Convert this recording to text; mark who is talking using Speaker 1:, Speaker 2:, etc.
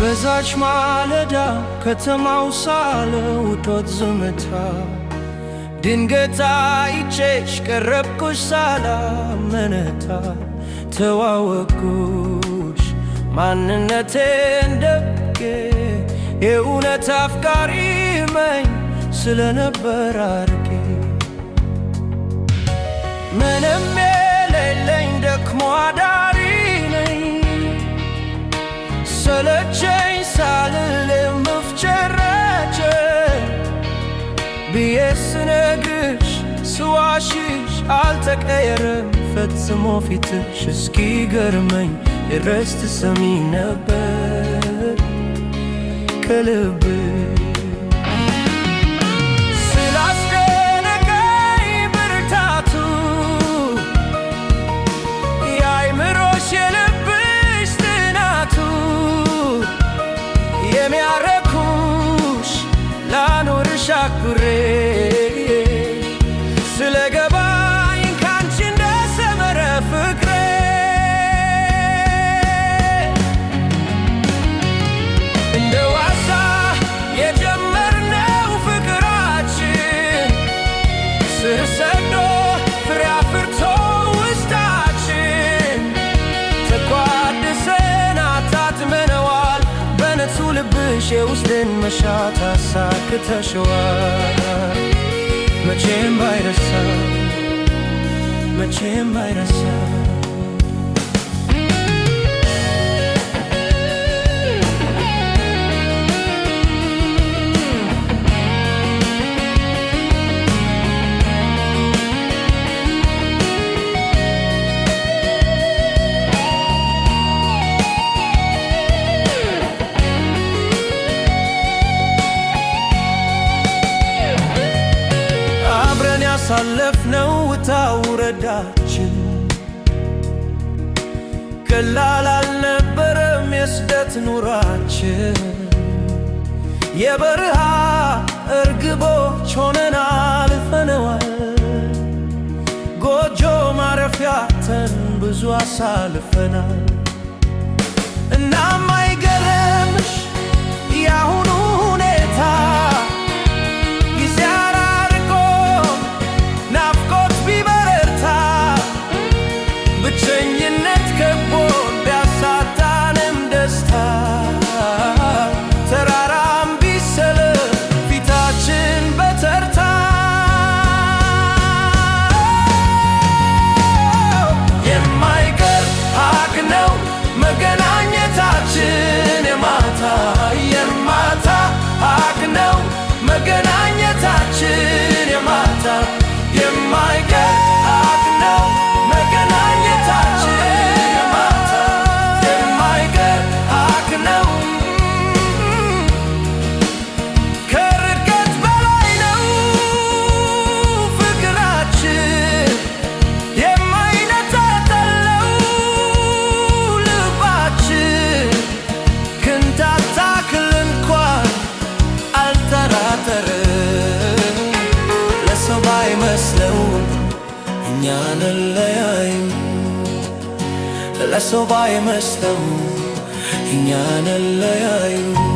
Speaker 1: በዛች ማለዳ ከተማው ሳለ ውቶት ዝምታ ድንገት አይቼሽ ቀረብኩሽ ሳላመነታ ተዋወቅኩሽ ማንነቴን ደብቄ የእውነት አፍቃሪ መኝ ስለነበር አርቄ ምንም የሌለኝ ደክሞ አዳ ብዬ ስነግርሽ ስዋሽሽ አልተቀየረም ፈጽሞ ፊትሽ እስኪገርመኝ ድረስ ትሰሚኝ ነበር ከልብ correr. ይህን መሻት አሳክተሽዋል መቼም ባይረሳ መቼም ባይረሳ ያሳለፍነው ውጣ ውረዳችን ቀላል አልነበረም። የስደት ኑራችን የበረሃ እርግቦች ሆነን አልፈነዋል። ጎጆ ማረፊያተን ብዙ አሳልፈናል። እናም አይገርምሽ ያሁን እኛን ለያይም ለሰው ባይመስለው እኛን ለያይም